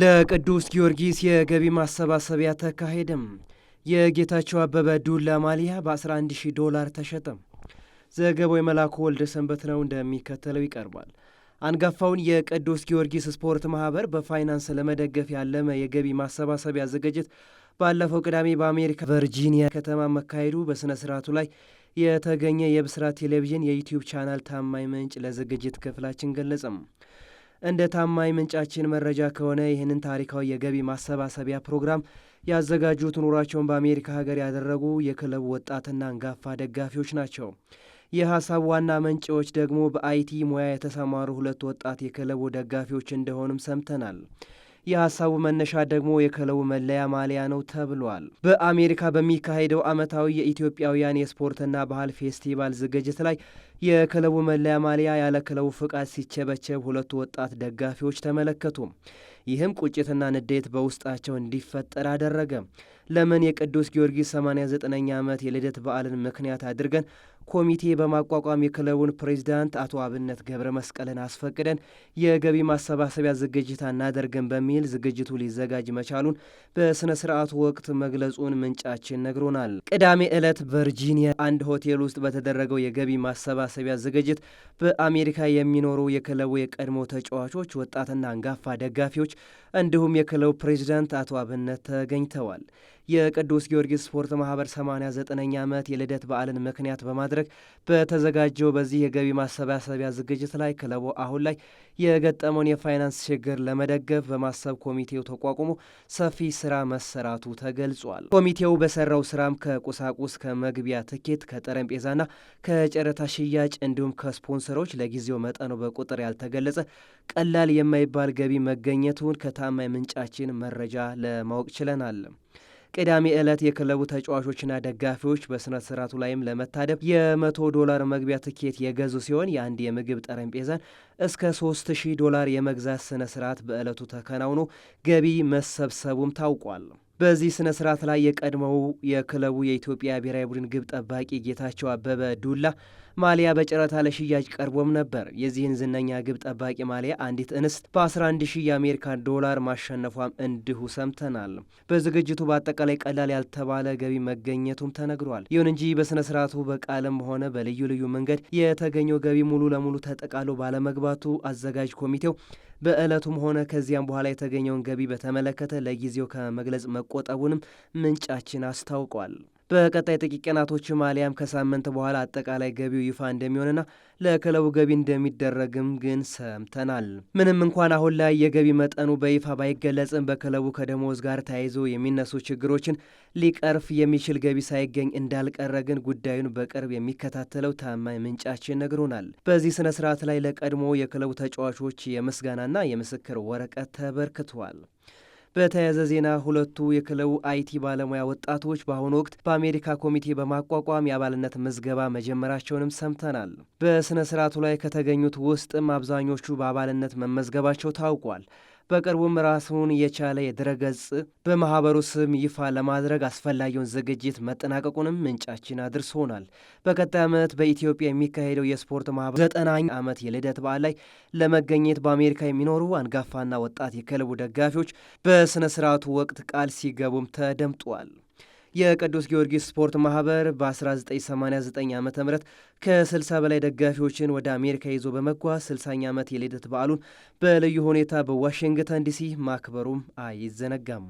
ለቅዱስ ጊዮርጊስ የገቢ ማሰባሰቢያ ተካሄደም። የጌታቸው አበበ ዱላ ማሊያ በ11 ሺህ ዶላር ተሸጠም። ዘገባው የመላኩ ወልደ ሰንበት ነው፣ እንደሚከተለው ይቀርባል። አንጋፋውን የቅዱስ ጊዮርጊስ ስፖርት ማህበር በፋይናንስ ለመደገፍ ያለመ የገቢ ማሰባሰቢያ ዝግጅት ባለፈው ቅዳሜ በአሜሪካ ቨርጂኒያ ከተማ መካሄዱ በሥነ ሥርዓቱ ላይ የተገኘ የብስራት ቴሌቪዥን የዩትዩብ ቻናል ታማኝ ምንጭ ለዝግጅት ክፍላችን ገለጸም። እንደ ታማኝ ምንጫችን መረጃ ከሆነ ይህንን ታሪካዊ የገቢ ማሰባሰቢያ ፕሮግራም ያዘጋጁት ኑሯቸውን በአሜሪካ ሀገር ያደረጉ የክለቡ ወጣትና አንጋፋ ደጋፊዎች ናቸው። የሀሳብ ዋና መንጪዎች ደግሞ በአይቲ ሙያ የተሰማሩ ሁለት ወጣት የክለቡ ደጋፊዎች እንደሆኑም ሰምተናል። የሀሳቡ መነሻ ደግሞ የክለቡ መለያ ማሊያ ነው ተብሏል። በአሜሪካ በሚካሄደው ዓመታዊ የኢትዮጵያውያን የስፖርትና ባህል ፌስቲቫል ዝግጅት ላይ የክለቡ መለያ ማሊያ ያለ ክለቡ ፍቃድ ሲቸበቸብ ሁለቱ ወጣት ደጋፊዎች ተመለከቱ። ይህም ቁጭትና ንዴት በውስጣቸው እንዲፈጠር አደረገ። ለምን የቅዱስ ጊዮርጊስ 89ኛ ዓመት የልደት በዓልን ምክንያት አድርገን ኮሚቴ በማቋቋም የክለቡን ፕሬዚዳንት አቶ አብነት ገብረ መስቀልን አስፈቅደን የገቢ ማሰባሰቢያ ዝግጅት አናደርግን በሚል ዝግጅቱ ሊዘጋጅ መቻሉን በሥነ ሥርዓቱ ወቅት መግለጹን ምንጫችን ነግሮናል። ቅዳሜ ዕለት ቨርጂኒያ አንድ ሆቴል ውስጥ በተደረገው የገቢ ማሰባሰቢያ ዝግጅት በአሜሪካ የሚኖሩ የክለቡ የቀድሞ ተጫዋቾች፣ ወጣትና አንጋፋ ደጋፊዎች እንዲሁም የክለቡ ፕሬዚዳንት አቶ አብነት ተገኝተዋል። የቅዱስ ጊዮርጊስ ስፖርት ማህበር 89ኛ ዓመት የልደት በዓልን ምክንያት በማድረግ በተዘጋጀው በዚህ የገቢ ማሰባሰቢያ ዝግጅት ላይ ክለቡ አሁን ላይ የገጠመውን የፋይናንስ ችግር ለመደገፍ በማሰብ ኮሚቴው ተቋቁሞ ሰፊ ስራ መሰራቱ ተገልጿል። ኮሚቴው በሰራው ስራም ከቁሳቁስ፣ ከመግቢያ ትኬት፣ ከጠረጴዛና ከጨረታ ሽያጭ እንዲሁም ከስፖንሰሮች ለጊዜው መጠኑ በቁጥር ያልተገለጸ ቀላል የማይባል ገቢ መገኘቱን ከታማኝ ምንጫችን መረጃ ለማወቅ ችለናል። ቅዳሜ ዕለት የክለቡ ተጫዋቾችና ደጋፊዎች በሥነ ስርዓቱ ላይም ለመታደብ የመቶ ዶላር መግቢያ ትኬት የገዙ ሲሆን የአንድ የምግብ ጠረጴዛን እስከ 3000 ዶላር የመግዛት ስነ ስርዓት በዕለቱ ተከናውኖ ገቢ መሰብሰቡም ታውቋል። በዚህ ስነ ስርዓት ላይ የቀድሞው የክለቡ የኢትዮጵያ ብሔራዊ ቡድን ግብ ጠባቂ ጌታቸው አበበ ዱላ ማሊያ በጨረታ ለሽያጭ ቀርቦም ነበር። የዚህን ዝነኛ ግብ ጠባቂ ማሊያ አንዲት እንስት በ11 ሺህ የአሜሪካን ዶላር ማሸነፏም እንዲሁ ሰምተናል። በዝግጅቱ በአጠቃላይ ቀላል ያልተባለ ገቢ መገኘቱም ተነግሯል። ይሁን እንጂ በስነ ስርዓቱ በቃልም ሆነ በልዩ ልዩ መንገድ የተገኘው ገቢ ሙሉ ለሙሉ ተጠቃሎ ባለመግባ የክትባቱ አዘጋጅ ኮሚቴው በዕለቱም ሆነ ከዚያም በኋላ የተገኘውን ገቢ በተመለከተ ለጊዜው ከመግለጽ መቆጠቡንም ምንጫችን አስታውቋል። በቀጣይ ጥቂት ቀናቶች ማሊያም ከሳምንት በኋላ አጠቃላይ ገቢው ይፋ እንደሚሆንና ለክለቡ ገቢ እንደሚደረግም ግን ሰምተናል። ምንም እንኳን አሁን ላይ የገቢ መጠኑ በይፋ ባይገለጽም በክለቡ ከደሞዝ ጋር ተያይዞ የሚነሱ ችግሮችን ሊቀርፍ የሚችል ገቢ ሳይገኝ እንዳልቀረ ግን ጉዳዩን በቅርብ የሚከታተለው ታማኝ ምንጫችን ነግሮናል። በዚህ ስነ ስርዓት ላይ ለቀድሞ የክለቡ ተጫዋቾች የምስጋናና የምስክር ወረቀት ተበርክቷል። በተያያዘ ዜና ሁለቱ የክለቡ አይቲ ባለሙያ ወጣቶች በአሁኑ ወቅት በአሜሪካ ኮሚቴ በማቋቋም የአባልነት ምዝገባ መጀመራቸውንም ሰምተናል። በሥነ ሥርዓቱ ላይ ከተገኙት ውስጥም አብዛኞቹ በአባልነት መመዝገባቸው ታውቋል። በቅርቡም ራሱን የቻለ የድረገጽ በማህበሩ ስም ይፋ ለማድረግ አስፈላጊውን ዝግጅት መጠናቀቁንም ምንጫችን አድርሶናል። በቀጣይ ዓመት በኢትዮጵያ የሚካሄደው የስፖርት ማህበር ዘጠናኛ ዓመት የልደት በዓል ላይ ለመገኘት በአሜሪካ የሚኖሩ አንጋፋና ወጣት የክለቡ ደጋፊዎች በሥነ ሥርዓቱ ወቅት ቃል ሲገቡም ተደምጧል። የቅዱስ ጊዮርጊስ ስፖርት ማህበር በ1989 ዓ ም ከ60 በላይ ደጋፊዎችን ወደ አሜሪካ ይዞ በመጓዝ 60ኛ ዓመት የልደት በዓሉን በልዩ ሁኔታ በዋሽንግተን ዲሲ ማክበሩም አይዘነጋም።